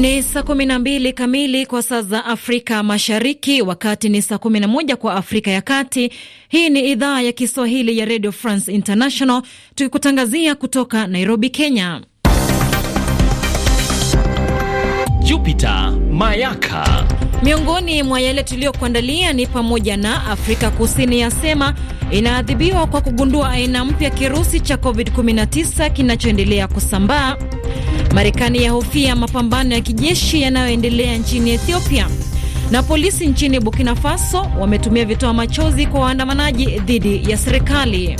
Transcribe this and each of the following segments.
Ni saa kumi na mbili kamili kwa saa za Afrika Mashariki, wakati ni saa kumi na moja kwa Afrika ya Kati. Hii ni idhaa ya Kiswahili ya Radio France International, tukikutangazia kutoka Nairobi, Kenya. Jupiter Mayaka. Miongoni mwa yale tuliyokuandalia ni pamoja na Afrika Kusini yasema inaadhibiwa kwa kugundua aina mpya kirusi cha COVID-19 kinachoendelea kusambaa Marekani yahofia mapambano ya kijeshi yanayoendelea nchini Ethiopia, na polisi nchini Burkina Faso wametumia vitoa machozi kwa waandamanaji dhidi ya serikali.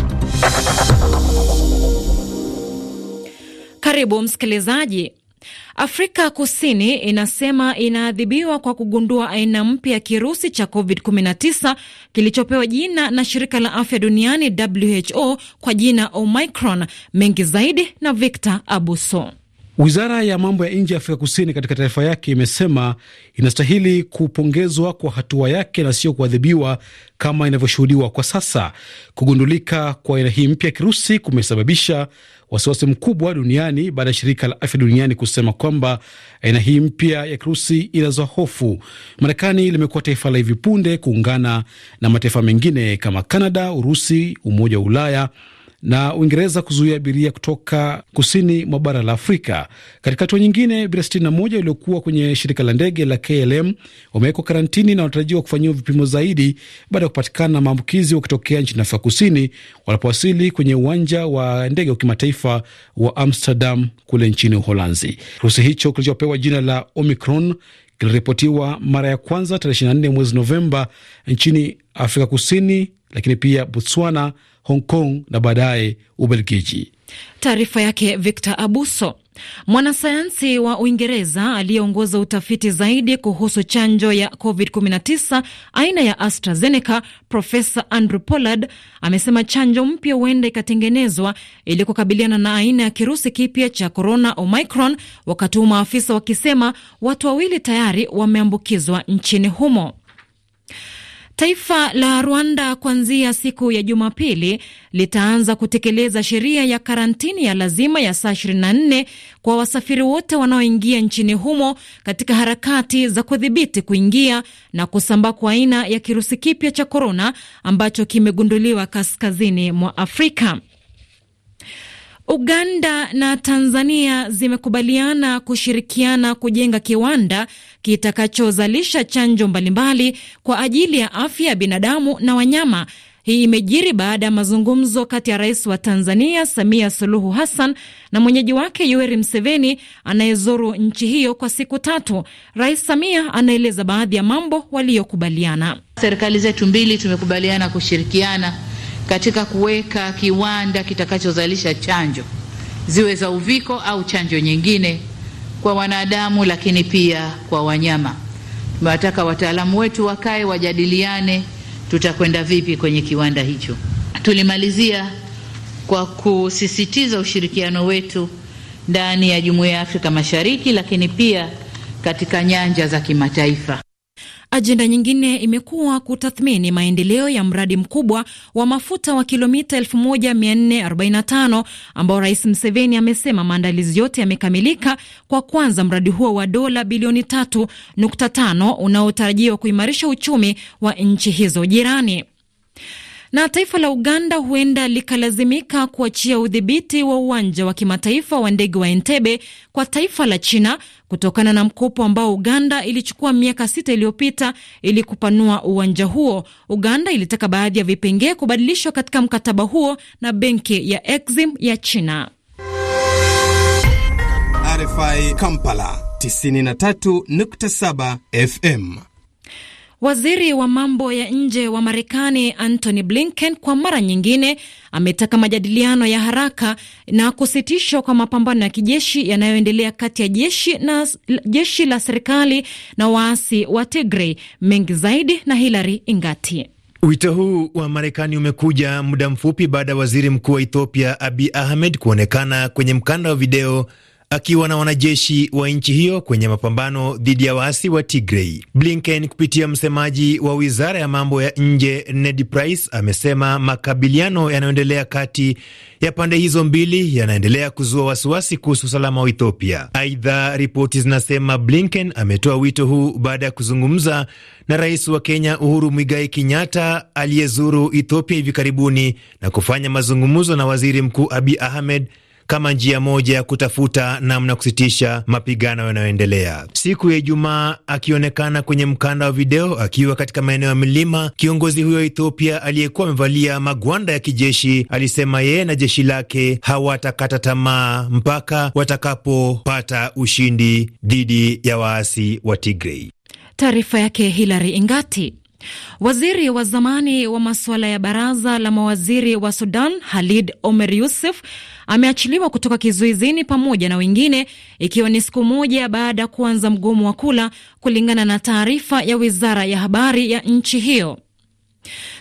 Karibu msikilizaji. Afrika Kusini inasema inaadhibiwa kwa kugundua aina mpya ya kirusi cha COVID-19 kilichopewa jina na shirika la afya duniani WHO kwa jina Omicron. Mengi zaidi na Victor Abuso. Wizara ya mambo ya nje ya Afrika Kusini katika taarifa yake imesema inastahili kupongezwa kwa hatua yake na sio kuadhibiwa kama inavyoshuhudiwa kwa sasa. Kugundulika kwa aina hii mpya ya kirusi kumesababisha wasiwasi mkubwa duniani baada ya shirika la afya duniani kusema kwamba aina hii mpya ya kirusi inazoa hofu. Marekani limekuwa taifa la hivi punde kuungana na mataifa mengine kama Kanada, Urusi, Umoja wa Ulaya na Uingereza kuzuia abiria kutoka kusini mwa bara la Afrika. Katika hatua nyingine, abiria 61 waliokuwa kwenye shirika la ndege la KLM wamewekwa karantini na wanatarajiwa kufanyiwa vipimo zaidi baada ya kupatikana na maambukizi wakitokea nchini Afrika Kusini walipowasili kwenye uwanja wa ndege wa kimataifa wa Amsterdam kule nchini Uholanzi. Kirusi hicho kilichopewa jina la Omicron kiliripotiwa mara ya kwanza tarehe 24 mwezi Novemba nchini Afrika Kusini, lakini pia Botswana, Hong Kong na baadaye Ubelgiji. Taarifa yake Victor Abuso. Mwanasayansi wa Uingereza aliyeongoza utafiti zaidi kuhusu chanjo ya COVID-19 aina ya AstraZeneca, Profesa Andrew Pollard amesema chanjo mpya huenda ikatengenezwa ili kukabiliana na aina ya kirusi kipya cha corona Omicron, wakati huu maafisa wakisema watu wawili tayari wameambukizwa nchini humo. Taifa la Rwanda kuanzia siku ya Jumapili litaanza kutekeleza sheria ya karantini ya lazima ya saa 24 kwa wasafiri wote wanaoingia nchini humo katika harakati za kudhibiti kuingia na kusambaa kwa aina ya kirusi kipya cha korona ambacho kimegunduliwa kaskazini mwa Afrika. Uganda na Tanzania zimekubaliana kushirikiana kujenga kiwanda kitakachozalisha chanjo mbalimbali kwa ajili ya afya ya binadamu na wanyama. Hii imejiri baada ya mazungumzo kati ya rais wa Tanzania Samia Suluhu Hassan na mwenyeji wake Yoweri Museveni anayezuru nchi hiyo kwa siku tatu. Rais Samia anaeleza baadhi ya mambo waliyokubaliana. Serikali zetu mbili tumekubaliana kushirikiana katika kuweka kiwanda kitakachozalisha chanjo ziwe za uviko au chanjo nyingine kwa wanadamu, lakini pia kwa wanyama. Tumewataka wataalamu wetu wakae wajadiliane, tutakwenda vipi kwenye kiwanda hicho. Tulimalizia kwa kusisitiza ushirikiano wetu ndani ya Jumuiya ya Afrika Mashariki, lakini pia katika nyanja za kimataifa. Ajenda nyingine imekuwa kutathmini maendeleo ya mradi mkubwa wa mafuta wa kilomita 1445 ambao Rais Mseveni amesema maandalizi yote yamekamilika kwa kwanza mradi huo wa dola bilioni 3.5 unaotarajiwa kuimarisha uchumi wa nchi hizo jirani na taifa la Uganda huenda likalazimika kuachia udhibiti wa uwanja wa kimataifa wa ndege wa Entebbe kwa taifa la China kutokana na mkopo ambao Uganda ilichukua miaka sita iliyopita ili kupanua uwanja huo. Uganda ilitaka baadhi ya vipengee kubadilishwa katika mkataba huo na benki ya Exim ya China. RFI Kampala 93.7 FM. Waziri wa mambo ya nje wa Marekani Antony Blinken kwa mara nyingine ametaka majadiliano ya haraka na kusitishwa kwa mapambano ya kijeshi yanayoendelea kati ya jeshi na jeshi la serikali na waasi wa Tigray. Mengi zaidi na Hilary Ingati. Wito huu wa Marekani umekuja muda mfupi baada ya waziri mkuu wa Ethiopia Abiy Ahmed kuonekana kwenye mkanda wa video akiwa na wanajeshi wa nchi hiyo kwenye mapambano dhidi ya waasi wa Tigrei. Blinken kupitia msemaji wa wizara ya mambo ya nje Ned Price amesema makabiliano yanayoendelea kati ya pande hizo mbili yanaendelea kuzua wasiwasi kuhusu usalama wa Ethiopia. Aidha, ripoti zinasema Blinken ametoa wito huu baada ya kuzungumza na rais wa Kenya Uhuru Mwigai Kenyatta aliyezuru Ethiopia hivi karibuni na kufanya mazungumzo na waziri mkuu Abiy Ahmed kama njia moja ya kutafuta namna kusitisha mapigano yanayoendelea. Siku ya Ijumaa, akionekana kwenye mkanda wa video akiwa katika maeneo ya milima, kiongozi huyo wa Ethiopia aliyekuwa amevalia magwanda ya kijeshi alisema yeye na jeshi lake hawatakata tamaa mpaka watakapopata ushindi dhidi ya waasi wa Tigrei. Taarifa yake Hilary Ingati. Waziri wa zamani wa masuala ya baraza la mawaziri wa Sudan Halid Omer Yusuf ameachiliwa kutoka kizuizini pamoja na wengine, ikiwa ni siku moja baada ya kuanza mgomo wa kula, kulingana na taarifa ya wizara ya habari ya nchi hiyo.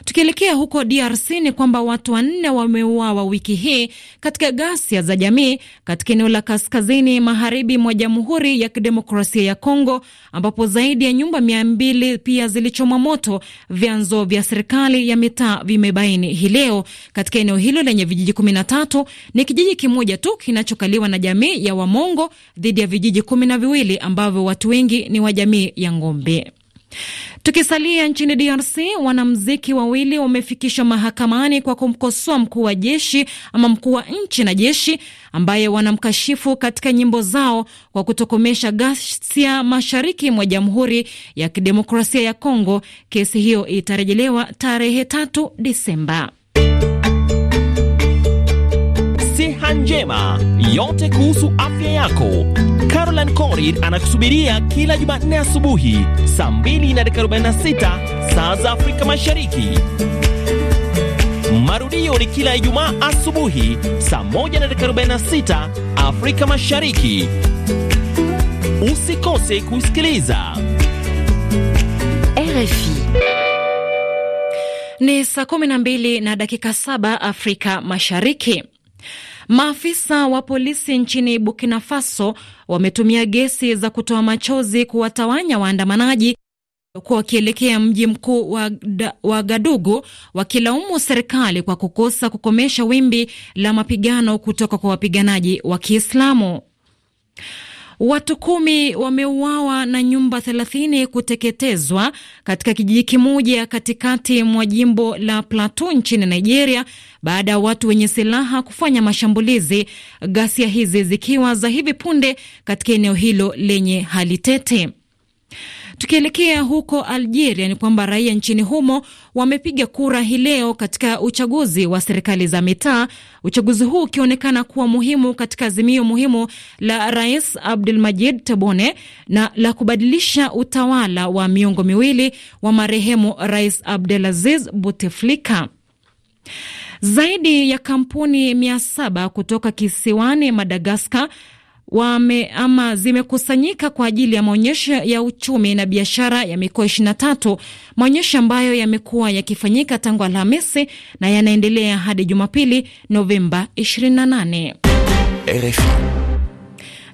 Tukielekea huko DRC ni kwamba watu wanne wameuawa wiki hii katika ghasia za jamii katika eneo la kaskazini magharibi mwa Jamhuri ya Kidemokrasia ya Kongo, ambapo zaidi ya nyumba mia mbili pia zilichomwa moto, vyanzo vya serikali ya mitaa vimebaini hii leo. Katika eneo hilo lenye vijiji tatu ni kijiji kimoja tu kinachokaliwa na jamii ya Wamongo dhidi ya vijiji kumi na viwili ambavyo watu wengi ni wa jamii ya Ngombe. Tukisalia nchini DRC, wanamziki wawili wamefikishwa mahakamani kwa kumkosoa mkuu wa jeshi ama mkuu wa nchi na jeshi ambaye wanamkashifu katika nyimbo zao kwa kutokomesha ghasia mashariki mwa Jamhuri ya Kidemokrasia ya Kongo. Kesi hiyo itarejelewa tarehe tatu Disemba njema, yote kuhusu afya yako. Caroline Corid anakusubiria kila Jumanne asubuhi saa 2 na dakika 46 saa za Afrika Mashariki. Marudio ni kila Ijumaa asubuhi saa 1 na dakika 46 Afrika Mashariki. Usikose kusikiliza RFI. Ni saa 12 na dakika 7 Afrika Mashariki. Maafisa wa polisi nchini Burkina Faso wametumia gesi za kutoa machozi kuwatawanya waandamanaji kuwa wakielekea mji mkuu wa, wa Gadugu wakilaumu serikali kwa kukosa kukomesha wimbi la mapigano kutoka kwa wapiganaji wa Kiislamu. Watu kumi wameuawa na nyumba thelathini kuteketezwa katika kijiji kimoja katikati mwa jimbo la Plateau nchini Nigeria baada ya watu wenye silaha kufanya mashambulizi, ghasia hizi zikiwa za hivi punde katika eneo hilo lenye hali tete. Tukielekea huko Algeria, ni kwamba raia nchini humo wamepiga kura hii leo katika uchaguzi wa serikali za mitaa, uchaguzi huu ukionekana kuwa muhimu katika azimio muhimu la Rais Abdelmadjid Tebboune na la kubadilisha utawala wa miongo miwili wa marehemu Rais Abdelaziz Bouteflika. Zaidi ya kampuni mia saba kutoka kisiwani Madagaskar wame ama zimekusanyika kwa ajili ya maonyesho ya uchumi na biashara ya mikoa 23, maonyesho ambayo yamekuwa yakifanyika tangu Alhamisi na yanaendelea hadi Jumapili Novemba 28. RFI.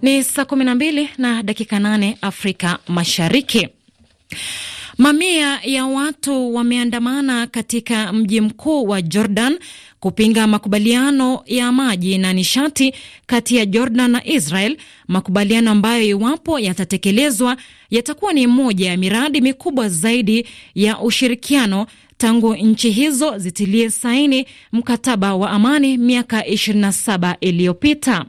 Ni saa 12 na dakika 8 Afrika Mashariki. Mamia ya watu wameandamana katika mji mkuu wa Jordan kupinga makubaliano ya maji na nishati kati ya Jordan na Israel, makubaliano ambayo iwapo yatatekelezwa yatakuwa ni moja ya miradi mikubwa zaidi ya ushirikiano tangu nchi hizo zitilie saini mkataba wa amani miaka 27 iliyopita.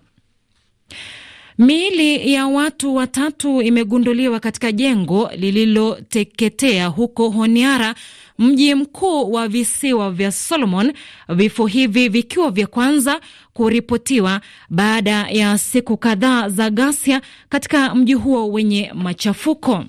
Miili ya watu watatu imegunduliwa katika jengo lililoteketea huko Honiara, mji mkuu wa visiwa vya Solomon, vifo hivi vikiwa vya kwanza kuripotiwa baada ya siku kadhaa za ghasia katika mji huo wenye machafuko.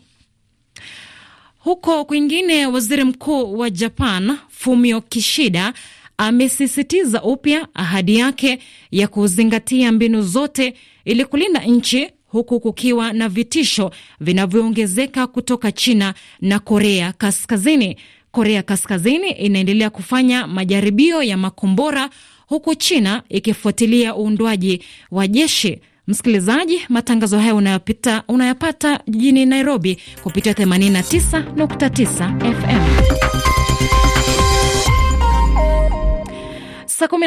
Huko kwingine, waziri mkuu wa Japan Fumio Kishida amesisitiza upya ahadi yake ya kuzingatia mbinu zote ili kulinda nchi huku kukiwa na vitisho vinavyoongezeka kutoka China na Korea Kaskazini. Korea Kaskazini inaendelea kufanya majaribio ya makombora huku China ikifuatilia uundwaji wa jeshi. Msikilizaji, matangazo haya unayapita, unayapata jijini Nairobi kupitia 89.9 FM. s a k u m b i a d